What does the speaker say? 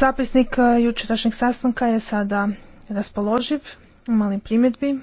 Zapisnik eh, jučerašnjeg sastanka je sada raspoloživ, malim primjedbi.